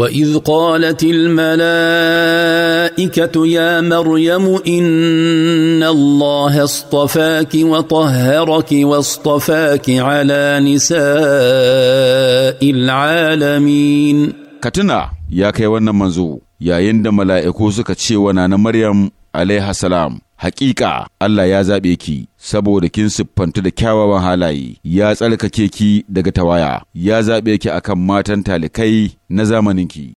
واذ قالت الملائكه يا مريم ان الله اصطفاك وطهرك واصطفاك على نساء العالمين كتنا يا كيوانا منزو يا يند da mala'iku suka ce wa na Hakika Allah ya zaɓe ki saboda kin siffantu da kyawawan halaye, ya tsarkake ki daga tawaya, ya zaɓe ki akan matan talikai na zamaninki.